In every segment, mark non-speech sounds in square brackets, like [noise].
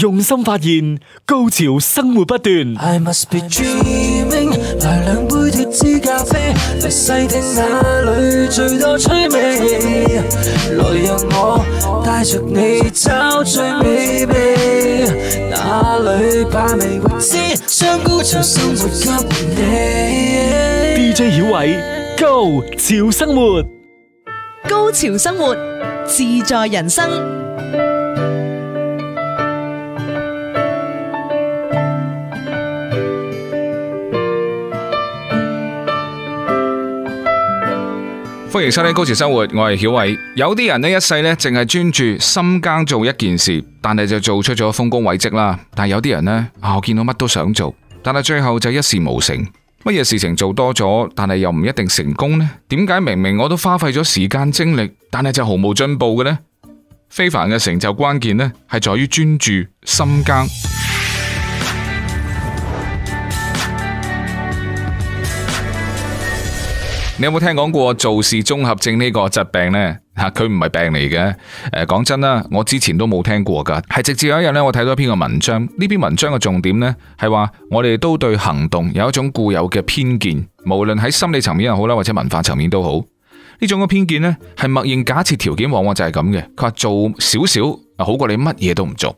用心發現高潮生活不斷。來兩杯脫脂咖啡，來細聽那裏最多趣味。來讓我帶着你找最美眉，哪裏把味先將高潮生活給你。 [music] DJ 曉偉，Go 潮生活，高潮生活自在人生。歡迎收聽《高潮生活》，我係曉偉。有啲人呢，一世呢，淨係專注深耕做一件事，但係就做出咗豐功偉績啦。但係有啲人呢，我見到乜都想做，但係最後就一事無成。乜嘢事情做多咗，但係又唔一定成功呢？點解明明我都花費咗時間精力，但係就毫無進步嘅呢？非凡嘅成就關鍵呢，係在於專注深耕。你有冇聽講過做事綜合症呢個疾病呢？吓，佢唔係病嚟嘅。誒，講真啦，我之前都冇聽過噶係直至有一日呢，我睇到一篇嘅文章。呢篇文章嘅重點呢，係話我哋都對行動有一種固有嘅偏見，無論喺心理層面又好啦，或者文化層面都好。呢種嘅偏見呢，係默認假設條件往往就係咁嘅。佢話做少少好過你乜嘢都唔做。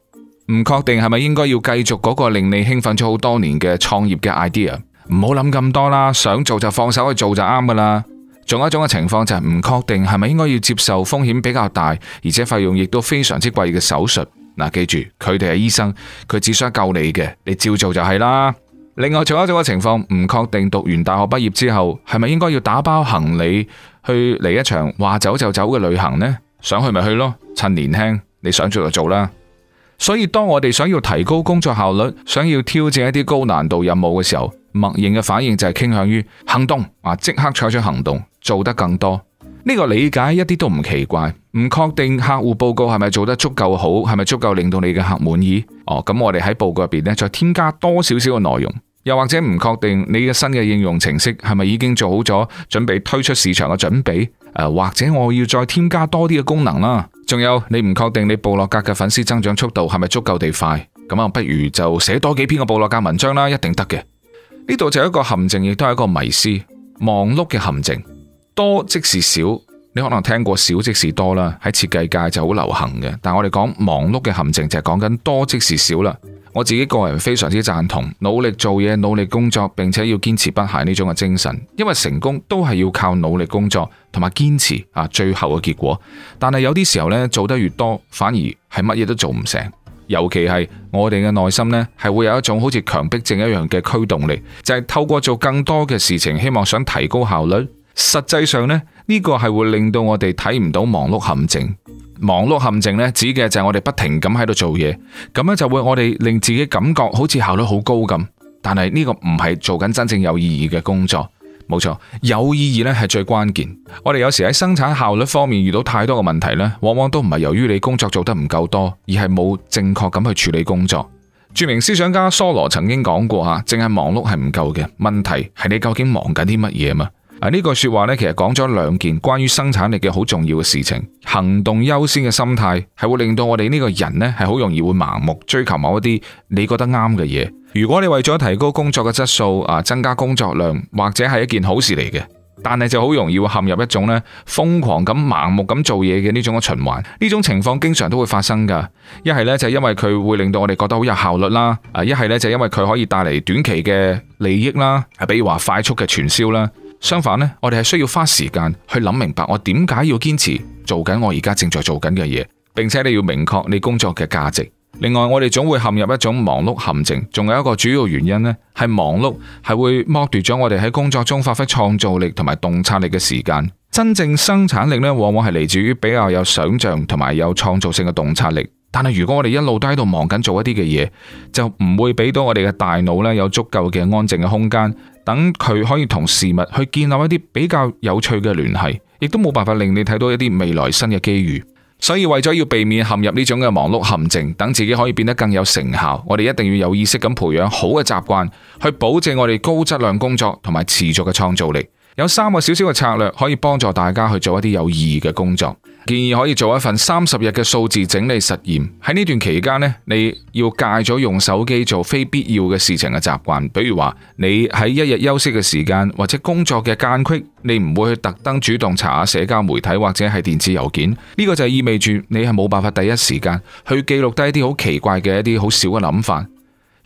唔確定係咪應該要繼續嗰個令你興奮咗好多年嘅創業嘅 idea？唔好諗咁多啦，想做就放手去做就啱噶啦。仲有一種嘅情況就係唔確定係咪應該要接受風險比較大，而且費用亦都非常之貴嘅手術。嗱，記住，佢哋係醫生，佢只想救你嘅，你照做就係啦。另外，仲有一種嘅情況，唔確定讀完大學畢業之後係咪應該要打包行李去嚟一場話走就走嘅旅行呢？想去咪去咯，趁年輕，你想做就做啦。所以當我哋想要提高工作效率，想要挑戰一啲高難度任務嘅時候，默認嘅反應就係傾向於行動，啊即刻採取行動，做得更多。呢、這個理解一啲都唔奇怪。唔確定客戶報告係咪做得足夠好，係咪足夠令到你嘅客滿意？哦，咁我哋喺報告入邊咧再添加多少少嘅內容，又或者唔確定你嘅新嘅應用程式係咪已經做好咗準備推出市場嘅準備？誒、呃，或者我要再添加多啲嘅功能啦。仲有你唔確定你部落格嘅粉絲增長速度係咪足夠地快？咁啊，不如就寫多幾篇嘅部落格文章啦，一定得嘅。呢度就係一個陷阱，亦都係一個迷思。忙碌嘅陷阱，多即是少。你可能聽過少即是多啦，喺設計界就好流行嘅。但係我哋講忙碌嘅陷阱，就係講緊多即是少啦。我自己個人非常之贊同，努力做嘢，努力工作，並且要堅持不懈呢種嘅精神，因為成功都係要靠努力工作同埋堅持啊。最後嘅結果，但係有啲時候呢，做得越多，反而係乜嘢都做唔成。尤其係我哋嘅內心呢，係會有一種好似強迫症一樣嘅驅動力，就係透過做更多嘅事情，希望想提高效率。實際上咧，呢個係會令到我哋睇唔到忙碌陷阱。忙碌陷阱咧，指嘅就係我哋不停咁喺度做嘢，咁樣就會我哋令自己感覺好似效率好高咁，但係呢個唔係做緊真正有意義嘅工作。冇錯，有意義咧係最關鍵。我哋有時喺生產效率方面遇到太多嘅問題咧，往往都唔係由於你工作做得唔夠多，而係冇正確咁去處理工作。著名思想家梭羅曾經講過吓，淨係忙碌係唔夠嘅，問題係你究竟忙緊啲乜嘢嘛？啊！呢句說話呢，其實講咗兩件關於生產力嘅好重要嘅事情。行動優先嘅心態係會令到我哋呢個人呢係好容易會盲目追求某一啲你覺得啱嘅嘢。如果你為咗提高工作嘅質素，啊，增加工作量或者係一件好事嚟嘅，但係就好容易會陷入一種呢瘋狂咁盲目咁做嘢嘅呢種循環。呢種情況經常都會發生噶。一係呢，就因為佢會令到我哋覺得好有效率啦。啊，一係呢，就因為佢可以帶嚟短期嘅利益啦。比如話快速嘅傳銷啦。相反呢，我哋係需要花時間去諗明白我點解要堅持做緊我而家正在做緊嘅嘢，並且你要明確你工作嘅價值。另外，我哋總會陷入一種忙碌陷阱，仲有一個主要原因呢係忙碌係會剝奪咗我哋喺工作中發揮創造力同埋洞察力嘅時間。真正生產力呢，往往係嚟自於比較有想象同埋有創造性嘅洞察力。但係如果我哋一路都喺度忙緊做一啲嘅嘢，就唔會俾到我哋嘅大腦呢有足夠嘅安靜嘅空間，等佢可以同事物去建立一啲比較有趣嘅聯繫，亦都冇辦法令你睇到一啲未來新嘅機遇。所以為咗要避免陷入呢種嘅忙碌陷阱，等自己可以變得更有成效，我哋一定要有意識咁培養好嘅習慣，去保證我哋高質量工作同埋持續嘅創造力。有三個小小嘅策略可以幫助大家去做一啲有意義嘅工作。建議可以做一份三十日嘅數字整理實驗。喺呢段期間咧，你要戒咗用手機做非必要嘅事情嘅習慣。比如話，你喺一日休息嘅時間或者工作嘅間隙，你唔會去特登主動查下社交媒體或者係電子郵件。呢個就意味住你係冇辦法第一時間去記錄低一啲好奇怪嘅一啲好少嘅諗法。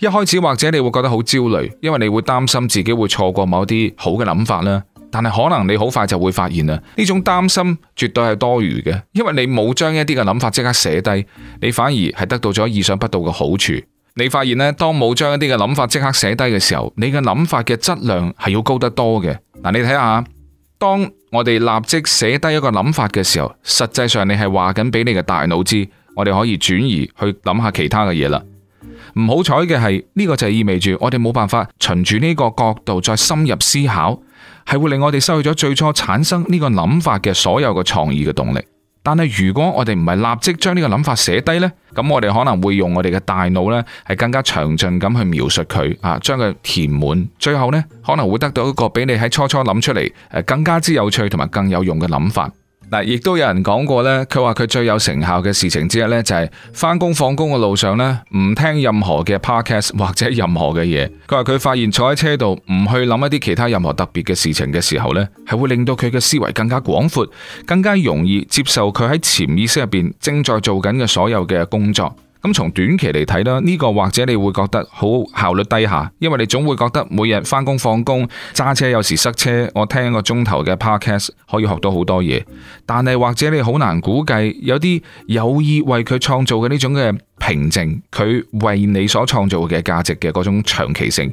一開始或者你會覺得好焦慮，因為你會擔心自己會錯過某啲好嘅諗法啦。但係可能你好快就會發現啦，呢種擔心絕對係多餘嘅，因為你冇將一啲嘅諗法即刻寫低，你反而係得到咗意想不到嘅好處。你發現呢，當冇將一啲嘅諗法即刻寫低嘅時候，你嘅諗法嘅質量係要高得多嘅。嗱，你睇下，當我哋立即寫低一個諗法嘅時候，實際上你係話緊俾你嘅大腦知，我哋可以轉移去諗下其他嘅嘢啦。唔好彩嘅係呢個就意味住我哋冇辦法循住呢個角度再深入思考。係會令我哋失去咗最初產生呢個諗法嘅所有嘅創意嘅動力。但係如果我哋唔係立即將呢個諗法寫低呢，咁我哋可能會用我哋嘅大腦呢係更加詳盡咁去描述佢啊，將佢填滿，最後呢，可能會得到一個比你喺初初諗出嚟更加之有趣同埋更有用嘅諗法。嗱，亦都有人講過咧，佢話佢最有成效嘅事情之一咧，就係翻工放工嘅路上咧，唔聽任何嘅 podcast 或者任何嘅嘢。佢話佢發現坐喺車度唔去諗一啲其他任何特別嘅事情嘅時候咧，係會令到佢嘅思維更加廣闊，更加容易接受佢喺潛意識入邊正在做緊嘅所有嘅工作。咁從短期嚟睇啦，呢個或者你會覺得好效率低下，因為你總會覺得每日返工放工揸車有時塞車，我聽一個鐘頭嘅 podcast 可以學到好多嘢，但係或者你好難估計有啲有意為佢創造嘅呢種嘅平靜，佢為你所創造嘅價值嘅嗰種長期性。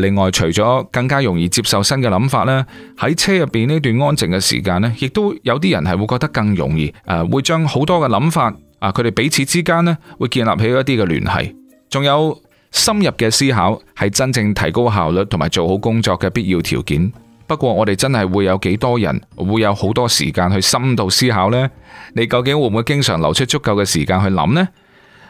另外除咗更加容易接受新嘅諗法呢，喺車入邊呢段安靜嘅時間呢，亦都有啲人係會覺得更容易誒，會將好多嘅諗法。啊！佢哋彼此之間呢，會建立起一啲嘅聯繫，仲有深入嘅思考，係真正提高效率同埋做好工作嘅必要條件。不過，我哋真係會有幾多人會有好多時間去深度思考呢？你究竟會唔會經常留出足夠嘅時間去諗呢？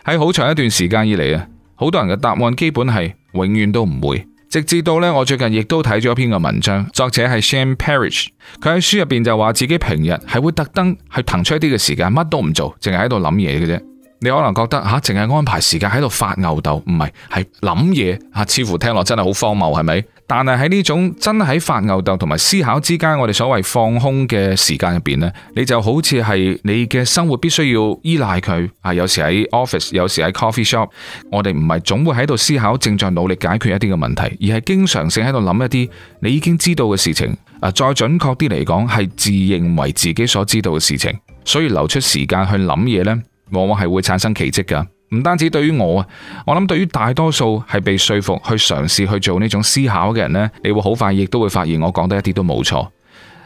喺好長一段時間以嚟啊，好多人嘅答案基本係永遠都唔會。直至到呢，我最近亦都睇咗一篇嘅文章，作者係 Shane Parrish，佢喺書入面就話自己平日係會特登去騰出一啲嘅時間，乜都唔做，淨係喺度諗嘢嘅啫。你可能覺得吓，淨係安排時間喺度發吽痘，唔係係諗嘢啊，似乎聽落真係好荒謬，係咪？但係喺呢種真喺發吽豆同埋思考之間，我哋所謂放空嘅時間入邊呢，你就好似係你嘅生活必須要依賴佢啊。有時喺 office，有時喺 coffee shop，我哋唔係總會喺度思考，正在努力解決一啲嘅問題，而係經常性喺度諗一啲你已經知道嘅事情啊。再準確啲嚟講，係自認為自己所知道嘅事情。所以留出時間去諗嘢呢，往往係會產生奇跡噶。唔單止對於我，我諗對於大多數係被說服去嘗試去做呢種思考嘅人呢，你會好快亦都會發現我講得一啲都冇錯。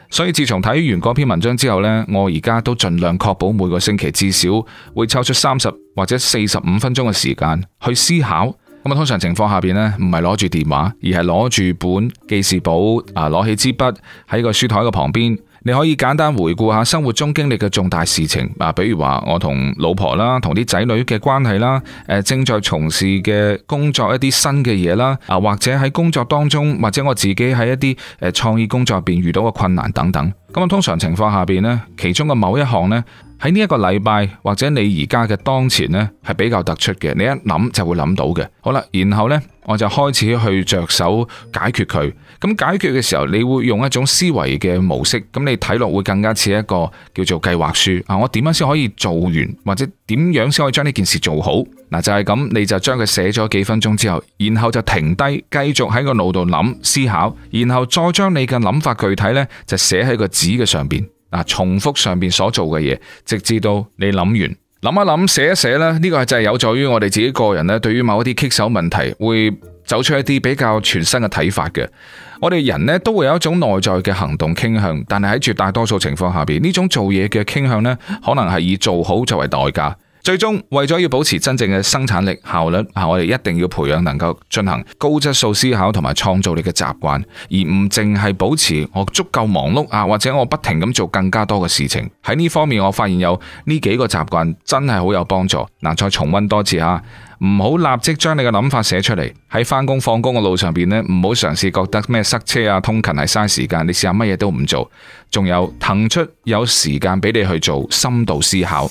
所以自從睇完嗰篇文章之後呢，我而家都盡量確保每個星期至少會抽出三十或者四十五分鐘嘅時間去思考。咁啊，通常情況下邊呢，唔係攞住電話，而係攞住本記事簿啊，攞起支筆喺個書台嘅旁邊。你可以簡單回顧下生活中經歷嘅重大事情，啊，比如話我同老婆啦，同啲仔女嘅關係啦，誒，正在從事嘅工作一啲新嘅嘢啦，啊，或者喺工作當中，或者我自己喺一啲誒創意工作入邊遇到嘅困難等等。咁啊，通常情況下邊呢，其中嘅某一項呢？喺呢一個禮拜或者你而家嘅當前呢，係比較突出嘅。你一諗就會諗到嘅。好啦，然後呢，我就開始去着手解決佢。咁解決嘅時候，你會用一種思維嘅模式。咁你睇落會更加似一個叫做計劃書啊。我點樣先可以做完，或者點樣先可以將呢件事做好嗱？就係咁，你就將佢寫咗幾分鐘之後，然後就停低，繼續喺個腦度諗思考，然後再將你嘅諗法具體呢，就寫喺個紙嘅上邊。嗱，重複上面所做嘅嘢，直至到你諗完諗一諗，寫一寫咧，呢個係真係有助於我哋自己個人咧，對於某一啲棘手問題會走出一啲比較全新嘅睇法嘅。我哋人咧都會有一種內在嘅行動傾向，但係喺絕大多數情況下邊，呢種做嘢嘅傾向咧，可能係以做好作為代價。最終為咗要保持真正嘅生產力效率，吓、啊、我哋一定要培養能夠進行高質素思考同埋創造力嘅習慣，而唔淨係保持我足夠忙碌啊，或者我不停咁做更加多嘅事情。喺呢方面，我發現有呢幾個習慣真係好有幫助。嗱，再重溫多次吓，唔好立即將你嘅諗法寫出嚟。喺返工放工嘅路上邊呢，唔好嘗試覺得咩塞車啊、通勤係嘥時間。你試下乜嘢都唔做，仲有騰出有時間俾你去做深度思考。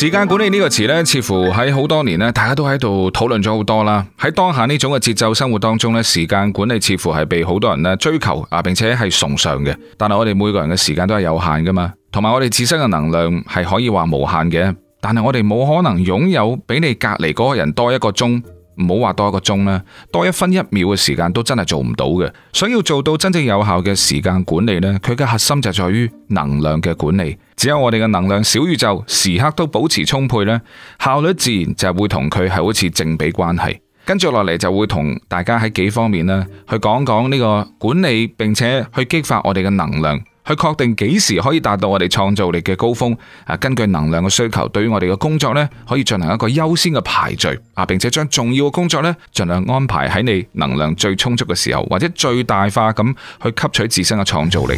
時間管理呢個詞呢，似乎喺好多年咧，大家都喺度討論咗好多啦。喺當下呢種嘅節奏生活當中呢，時間管理似乎係被好多人咧追求啊，並且係崇尚嘅。但係我哋每個人嘅時間都係有限噶嘛，同埋我哋自身嘅能量係可以話無限嘅，但係我哋冇可能擁有比你隔籬嗰個人多一個鐘。唔好話多一個鐘啦，多一分一秒嘅時間都真係做唔到嘅。想要做到真正有效嘅時間管理呢，佢嘅核心就在於能量嘅管理。只有我哋嘅能量小宇宙時刻都保持充沛呢，效率自然就係會同佢係好似正比關係。跟住落嚟就會同大家喺幾方面呢去講講呢個管理，並且去激發我哋嘅能量。去確定幾時可以達到我哋創造力嘅高峰？啊，根據能量嘅需求，對於我哋嘅工作呢，可以進行一個優先嘅排序啊，並且將重要嘅工作呢，盡量安排喺你能量最充足嘅時候，或者最大化咁去吸取自身嘅創造力。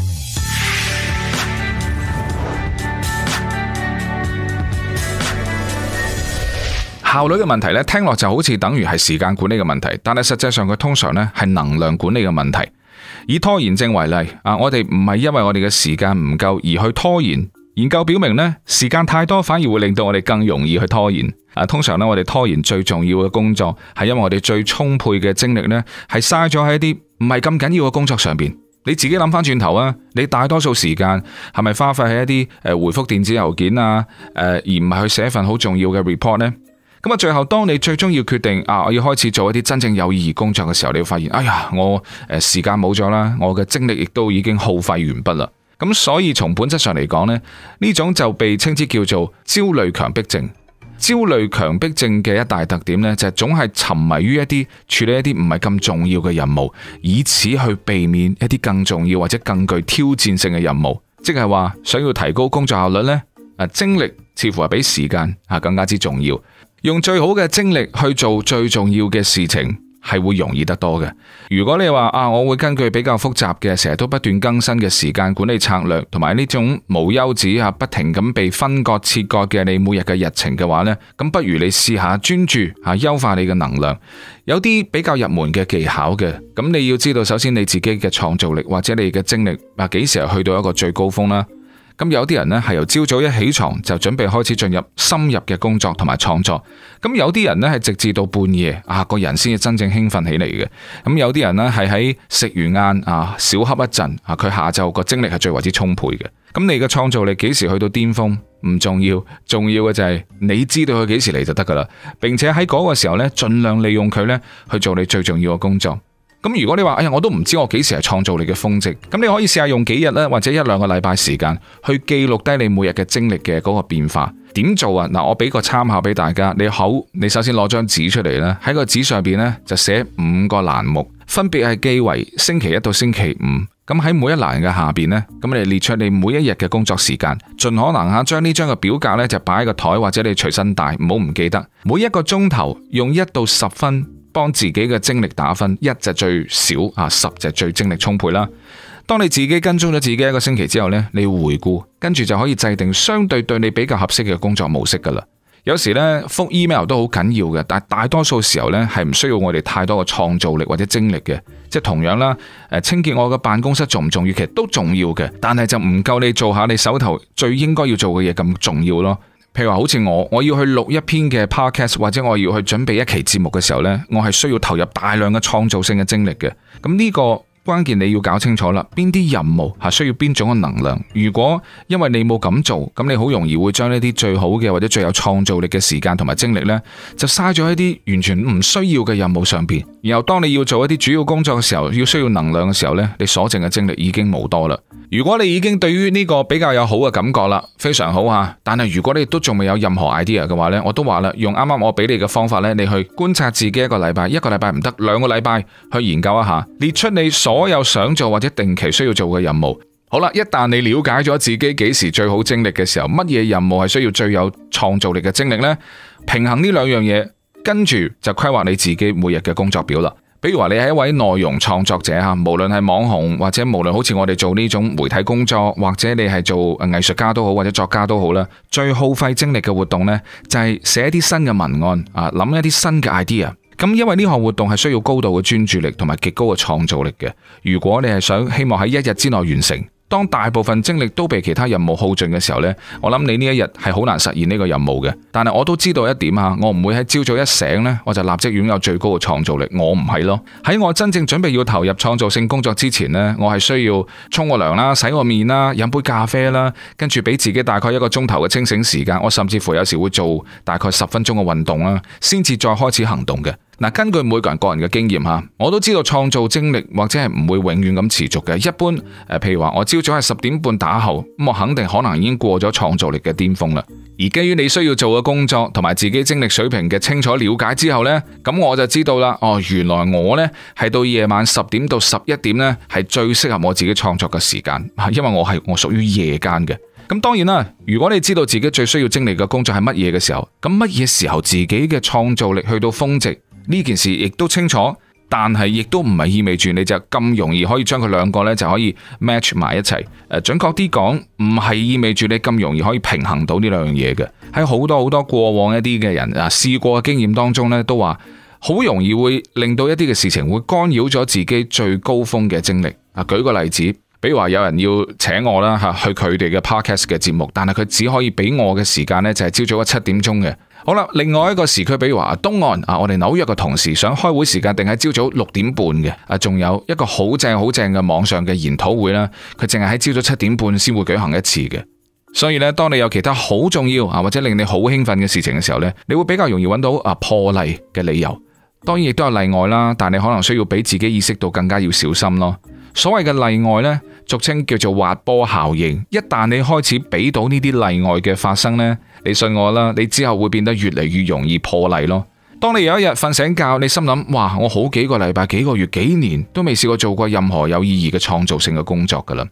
效率嘅問題呢，聽落就好似等於係時間管理嘅問題，但係實際上佢通常呢係能量管理嘅問題。以拖延症為例，啊，我哋唔係因為我哋嘅時間唔夠而去拖延。研究表明呢，時間太多反而會令到我哋更容易去拖延。啊，通常呢，我哋拖延最重要嘅工作，係因為我哋最充沛嘅精力呢係嘥咗喺一啲唔係咁緊要嘅工作上邊。你自己諗翻轉頭啊，你大多數時間係咪花費喺一啲誒回覆電子郵件啊，呃，而唔係去寫一份好重要嘅 report 呢？咁啊，最後當你最終要決定啊，我要開始做一啲真正有意義工作嘅時候，你會發現，哎呀，我誒時間冇咗啦，我嘅精力亦都已經耗費完畢啦。咁所以從本質上嚟講呢，呢種就被稱之叫做焦慮強迫症。焦慮強迫症嘅一大特點呢，就係總係沉迷於一啲處理一啲唔係咁重要嘅任務，以此去避免一啲更重要或者更具挑戰性嘅任務。即係話，想要提高工作效率呢，精力似乎係比時間啊更加之重要。用最好嘅精力去做最重要嘅事情，係會容易得多嘅。如果你話啊，我會根據比較複雜嘅，成日都不斷更新嘅時間管理策略，同埋呢種無休止啊不停咁被分割切割嘅你每日嘅日程嘅話呢，咁不如你試下專注吓，優化你嘅能量。有啲比較入門嘅技巧嘅，咁你要知道，首先你自己嘅創造力或者你嘅精力啊，幾時去到一個最高峰啦？咁有啲人呢，係由朝早一起床就準備開始進入深入嘅工作同埋創作，咁有啲人呢，係直至到半夜啊個人先至真正興奮起嚟嘅，咁有啲人呢，係喺食完晏啊小恰一陣啊佢下晝個精力係最為之充沛嘅，咁你嘅創造力幾時去到巔峰唔重要，重要嘅就係你知道佢幾時嚟就得㗎喇，並且喺嗰個時候呢，盡量利用佢呢去做你最重要嘅工作。咁如果你話哎呀我都唔知我幾時係創造力嘅峰值，咁你可以試下用幾日呢，或者一兩個禮拜時間去記錄低你每日嘅精力嘅嗰個變化。點做啊？嗱，我俾個參考俾大家，你好，你首先攞張紙出嚟啦，喺個紙上邊呢，就寫五個欄目，分別係記為星期一到星期五。咁喺每一欄嘅下邊咧，咁你列出你每一日嘅工作時間，盡可能吓將呢張嘅表格呢，就擺喺個台或者你隨身帶，唔好唔記得。每一個鐘頭用一到十分。幫自己嘅精力打分，一就最少啊，十就最精力充沛啦。當你自己跟蹤咗自己一個星期之後呢，你要回顧，跟住就可以制定相對對你比較合適嘅工作模式噶啦。 [noise] 有時呢，覆 email 都好緊要嘅，但係大多數時候呢，係唔需要我哋太多嘅創造力或者精力嘅。即係同樣啦，清潔我嘅辦公室重唔重要？其實都重要嘅，但係就唔夠你做下你手頭最應該要做嘅嘢咁重要咯。譬如話，好似我我要去錄一篇嘅 podcast，或者我要去準備一期節目嘅時候呢，我係需要投入大量嘅創造性嘅精力嘅。咁呢、這個。關鍵你要搞清楚啦，邊啲任務係需要邊種嘅能量。如果因為你冇咁做，咁你好容易會將呢啲最好嘅或者最有創造力嘅時間同埋精力呢，就嘥咗喺啲完全唔需要嘅任務上邊。然後當你要做一啲主要工作嘅時候，要需要能量嘅時候呢，你所剩嘅精力已經冇多啦。如果你已經對於呢個比較有好嘅感覺啦，非常好吓。但係如果你都仲未有任何 idea 嘅話呢，我都話啦，用啱啱我俾你嘅方法呢，你去觀察自己一個禮拜，一個禮拜唔得，兩個禮拜去研究一下，列出你所。所有想做或者定期需要做嘅任務，好啦，一旦你了解咗自己幾時最好精力嘅時候，乜嘢任務係需要最有創造力嘅精力呢？平衡呢兩樣嘢，跟住就規劃你自己每日嘅工作表啦。比如話你係一位內容創作者啊，無論係網紅或者無論好似我哋做呢種媒體工作，或者你係做藝術家都好或者作家都好啦，最耗費精力嘅活動呢，就係寫一啲新嘅文案啊，諗一啲新嘅 idea。咁，因為呢項活動係需要高度嘅專注力同埋極高嘅創造力嘅。如果你係想希望喺一日之內完成，當大部分精力都被其他任務耗盡嘅時候呢，我諗你呢一日係好難實現呢個任務嘅。但係我都知道一點呀，我唔會喺朝早一醒呢，我就立即擁有最高嘅創造力，我唔係咯。喺我真正準備要投入創造性工作之前呢，我係需要沖個涼啦、洗個面啦、飲杯咖啡啦，跟住俾自己大概一個鐘頭嘅清醒時間。我甚至乎有時會做大概十分鐘嘅運動啦，先至再開始行動嘅。嗱，根據每個人個人嘅經驗吓，我都知道創造精力或者係唔會永遠咁持續嘅。一般譬如話我朝早係十點半打後，咁我肯定可能已經過咗創造力嘅巔峰啦。而基於你需要做嘅工作同埋自己精力水平嘅清楚了解之後呢，咁我就知道啦。哦，原來我呢係到夜晚十點到十一點呢係最適合我自己創作嘅時間，因為我係我屬於夜間嘅。咁當然啦，如果你知道自己最需要精力嘅工作係乜嘢嘅時候，咁乜嘢時候自己嘅創造力去到峰值？呢件事亦都清楚，但係亦都唔係意味住你就咁容易可以將佢兩個呢就可以 match 埋一齊。誒，準確啲講，唔係意味住你咁容易可以平衡到呢兩樣嘢嘅。喺好多好多過往一啲嘅人啊試過嘅經驗當中呢，都話好容易會令到一啲嘅事情會干擾咗自己最高峰嘅精力。啊，舉個例子，比如話有人要請我啦吓去佢哋嘅 Podcast 嘅節目，但係佢只可以俾我嘅時間呢，就係朝早一七點鐘嘅。好啦，另外一個時區，比如話東岸，啊，我哋紐約嘅同事想開會時間定喺朝早六點半嘅，啊，仲有一個好正好正嘅網上嘅研討會啦，佢淨係喺朝早七點半先會舉行一次嘅。所以呢，當你有其他好重要啊或者令你好興奮嘅事情嘅時候呢，你會比較容易揾到啊破例嘅理由。當然亦都有例外啦，但你可能需要俾自己意識到更加要小心咯。所謂嘅例外呢，俗稱叫做滑坡效應。一旦你開始俾到呢啲例外嘅發生呢。你信我啦，你之後會變得越嚟越容易破例咯。當你有一日瞓醒覺，你心諗：哇，我好幾個禮拜、幾個月、幾年都未試過做過任何有意義嘅創造性嘅工作噶啦。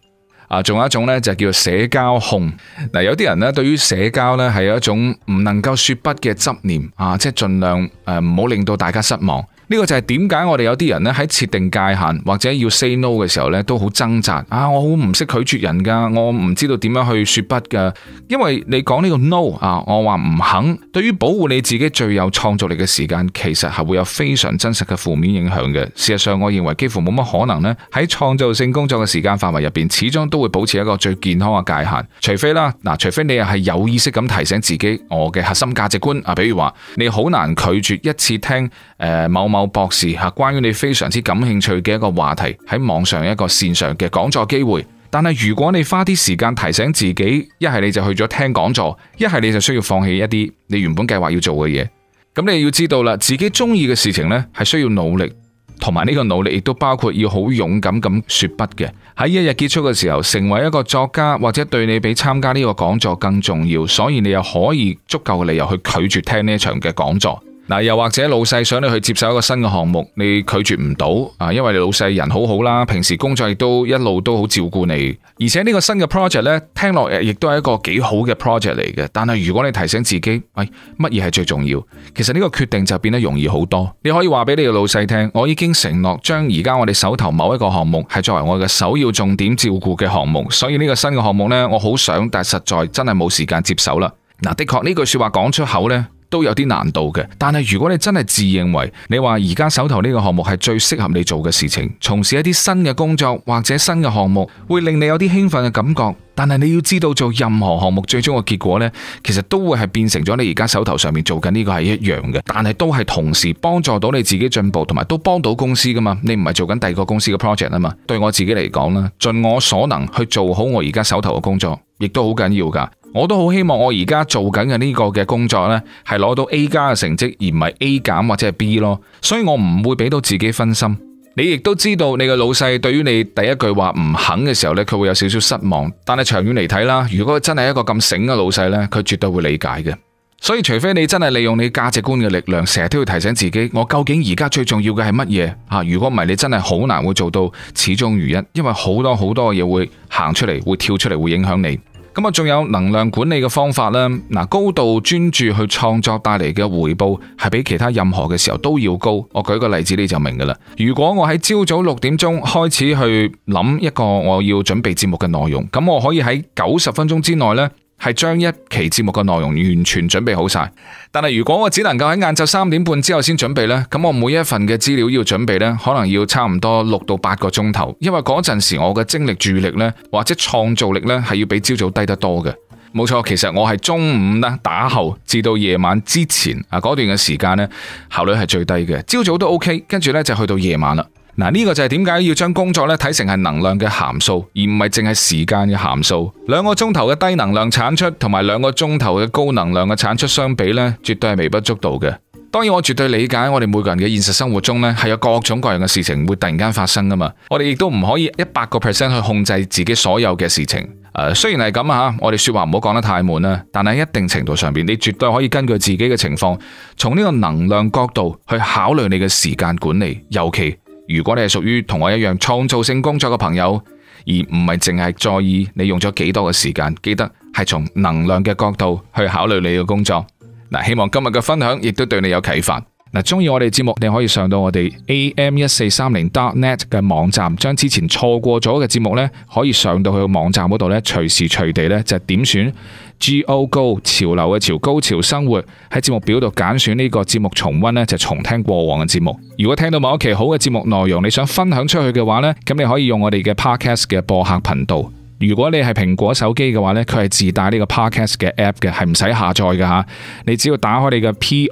啊，仲有一種咧就叫做社交控。嗱，有啲人呢，對於社交呢，係有一種唔能夠說不嘅執念啊，即係盡量誒唔好令到大家失望。呢個就係點解我哋有啲人咧喺設定界限或者要 say no 嘅時候咧，都好掙扎啊！我好唔識拒絕人㗎，我唔知道點樣去説不㗎。因為你講呢個 no 啊，我話唔肯。對於保護你自己最有創造力嘅時間，其實係會有非常真實嘅負面影響嘅。事實上，我認為幾乎冇乜可能咧喺創造性工作嘅時間範圍入邊，始終都會保持一個最健康嘅界限。除非啦，嗱，除非你又係有意識咁提醒自己，我嘅核心價值觀啊，比如話你好難拒絕一次聽、呃、某某。博士吓，關於你非常之感興趣嘅一個話題，喺網上一個線上嘅講座機會。但係如果你花啲時間提醒自己，一係你就去咗聽講座，一係你就需要放棄一啲你原本計劃要做嘅嘢。咁你要知道啦，自己中意嘅事情咧，係需要努力，同埋呢個努力亦都包括要好勇敢咁説不嘅。喺一日結束嘅時候，成為一個作家或者對你比參加呢個講座更重要，所以你又可以足夠嘅理由去拒絕聽呢一場嘅講座。嗱，又或者老細想你去接手一個新嘅項目，你拒絕唔到啊？因為你老細人好好啦，平時工作亦都一路都好照顧你，而且呢個新嘅 project 呢，聽落亦都係一個幾好嘅 project 嚟嘅。但係如果你提醒自己，喂、哎，乜嘢係最重要？其實呢個決定就變得容易好多。你可以話俾你嘅老細聽，我已經承諾將而家我哋手頭某一個項目係作為我嘅首要重點照顧嘅項目，所以呢個新嘅項目呢，我好想，但係實在真係冇時間接手啦。嗱，的確呢句話說話講出口呢，都有啲難度嘅，但係如果你真係自認為你話而家，手頭呢個項目係最適合你做嘅事情，從事一啲新嘅工作或者新嘅項目，會令你有啲興奮嘅感覺。但係你要知道，做任何項目最終嘅結果呢，其實都會係變成咗你而家手頭上面做緊呢個係一樣嘅，但係都係同時幫助到你自己進步，同埋都幫到公司噶嘛。你唔係做緊第二個公司嘅 project 啊嘛？對我自己嚟講啦，盡我所能去做好我而家手頭嘅工作。亦都好緊要噶，我都好希望我而家做緊嘅呢個嘅工作呢，係攞到 A 加嘅成績，而唔係 A 減或者係 B 咯。所以我唔會俾到自己分心。你亦都知道，你嘅老細對於你第一句話唔肯嘅時候呢，佢會有少少失望。但係長遠嚟睇啦，如果真係一個咁醒嘅老細呢，佢絕對會理解嘅。所以除非你真係利用你價值觀嘅力量，成日都要提醒自己，我究竟而家最重要嘅係乜嘢啊？如果唔係，你真係好難會做到始終如一，因為好多好多嘢會行出嚟，會跳出嚟，會影響你。咁啊，仲有能量管理嘅方法咧，嗱，高度專注去創作帶嚟嘅回報係比其他任何嘅時候都要高。我舉個例子，你就明噶啦，如果我喺朝早六點鐘開始去諗一個我要準備節目嘅內容，咁我可以喺九十分鐘之內咧。係將一期節目嘅內容完全準備好晒，但係如果我只能夠喺晏晝三點半之後先準備呢，咁我每一份嘅資料要準備呢，可能要差唔多六到八個鐘頭，因為嗰陣時我嘅精力、注意力呢，或者創造力呢，係要比朝早低得多嘅。冇錯，其實我係中午啦打後至到夜晚之前啊嗰段嘅時間呢，效率係最低嘅，朝早都 OK，跟住呢就去到夜晚啦。嗱，呢個就係點解要將工作咧睇成係能量嘅函數，而唔係淨係時間嘅函數。兩個鐘頭嘅低能量產出，同埋兩個鐘頭嘅高能量嘅產出相比呢，絕對係微不足道嘅。當然，我絕對理解我哋每個人嘅現實生活中呢，係有各種各樣嘅事情會突然間發生噶嘛。我哋亦都唔可以一百個 percent 去控制自己所有嘅事情。誒、呃，雖然係咁啊，吓，我哋說話唔好講得太滿啦。但係一定程度上邊，你絕對可以根據自己嘅情況，從呢個能量角度去考慮你嘅時間管理，尤其。如果你係屬於同我一樣創造性工作嘅朋友，而唔係淨係在意你用咗幾多嘅時間，記得係從能量嘅角度去考慮你嘅工作。嗱，希望今日嘅分享亦都對你有啟發。嗱，鍾意我哋節目，你可以上到我哋 am 一四三零 dot net 嘅網站，將之前錯過咗嘅節目呢，可以上到去個網站嗰度呢，隨時隨地呢，就點選。G O Go 潮流嘅潮高潮，生活喺節目表度揀選呢個節目重溫呢，就重聽過往嘅節目。如果聽到某一期好嘅節目內容，你想分享出去嘅話呢，咁你可以用我哋嘅 Podcast 嘅播客頻道。如果你係蘋果手機嘅話呢，佢係自帶呢個 Podcast 嘅 App 嘅，係唔使下載㗎吓。你只要打開你嘅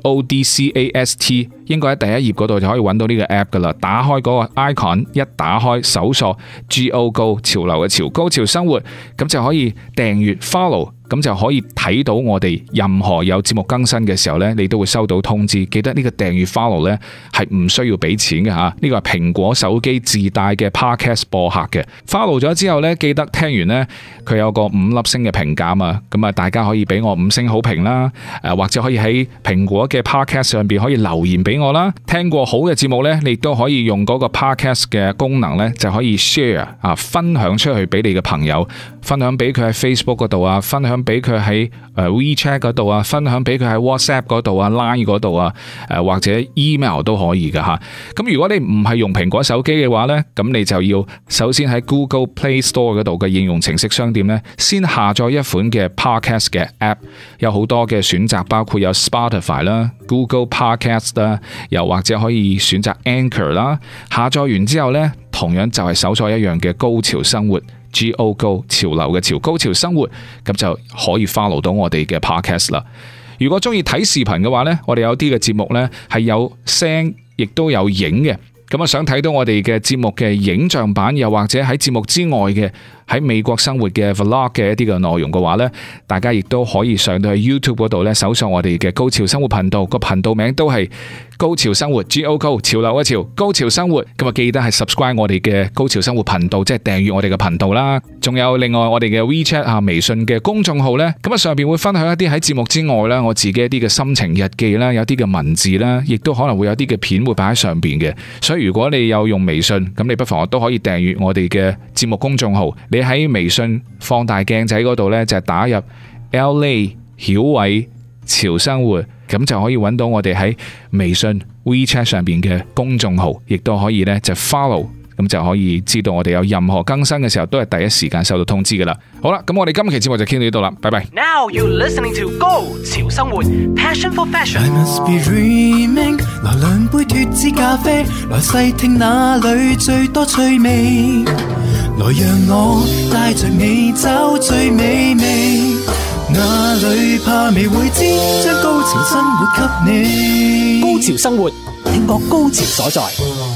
Podcast。應該喺第一頁嗰度就可以揾到呢個 app 噶啦，打開嗰個 icon，一打開搜索 Go Go 潮流嘅潮高潮，潮生活，咁就可以訂閱 follow，咁就可以睇到我哋任何有節目更新嘅時候呢，你都會收到通知。記得呢個訂閱 follow 呢，係唔需要俾錢嘅嚇，呢個係蘋果手機自帶嘅 podcast 播客嘅 follow 咗之後呢，記得聽完呢，佢有個五粒星嘅評價啊，咁啊大家可以俾我五星好評啦，或者可以喺蘋果嘅 podcast 上邊可以留言俾。我啦，聽過好嘅節目咧，你都可以用嗰個 podcast 嘅功能咧，就可以 share 啊，分享出去俾你嘅朋友。分享俾佢喺 Facebook 度啊，分享俾佢喺誒 WeChat 度啊，分享俾佢喺 WhatsApp 度啊、Line 度啊，誒或者 email 都可以㗎吓。咁如果你唔係用蘋果手機嘅話呢，咁你就要首先喺 Google Play Store 度嘅應用程式商店呢，先下載一款嘅 Podcast 嘅 App，有好多嘅選擇，包括有 Spotify 啦、Google Podcast 啦，又或者可以選擇 Anchor 啦。下載完之後呢，同樣就係搜索一樣嘅高潮生活。G O Go 潮流嘅潮高潮生活，咁就可以 follow 到我哋嘅 podcast 啦。如果中意睇視頻嘅話呢，我哋有啲嘅節目呢係有聲亦都有影嘅。咁啊，想睇到我哋嘅節目嘅影像版，又或者喺節目之外嘅。喺美國生活嘅 Vlog 嘅一啲嘅內容嘅話呢，大家亦都可以上到去 YouTube 嗰度呢，搜索我哋嘅高潮生活頻道，個頻道名都係高潮生活 G O G 潮流一潮高潮生活。咁啊、OK，記得係 subscribe 我哋嘅高潮生活頻道，即係訂閱我哋嘅頻道啦。仲有另外我哋嘅 WeChat 啊，微信嘅公眾號呢。咁啊上邊會分享一啲喺節目之外呢，我自己一啲嘅心情日記啦，有啲嘅文字啦，亦都可能會有啲嘅片會擺喺上邊嘅。所以如果你有用微信，咁你不妨都可以訂閱我哋嘅節目公眾號。你喺微信放大鏡仔嗰度呢，就打入 L A 曉偉潮生活，咁就可以揾到我哋喺微信 WeChat 上邊嘅公眾號，亦都可以呢就 follow，咁就可以知道我哋有任何更新嘅時候，都係第一時間收到通知噶啦。好啦，咁我哋今期節目就傾到呢度啦，拜拜。Now you listening to Go 潮生活，Passion for Fashion。來讓我帶著你找最美味，哪裏怕未會知，將高潮生活給你。高潮生活，聽過高潮所在。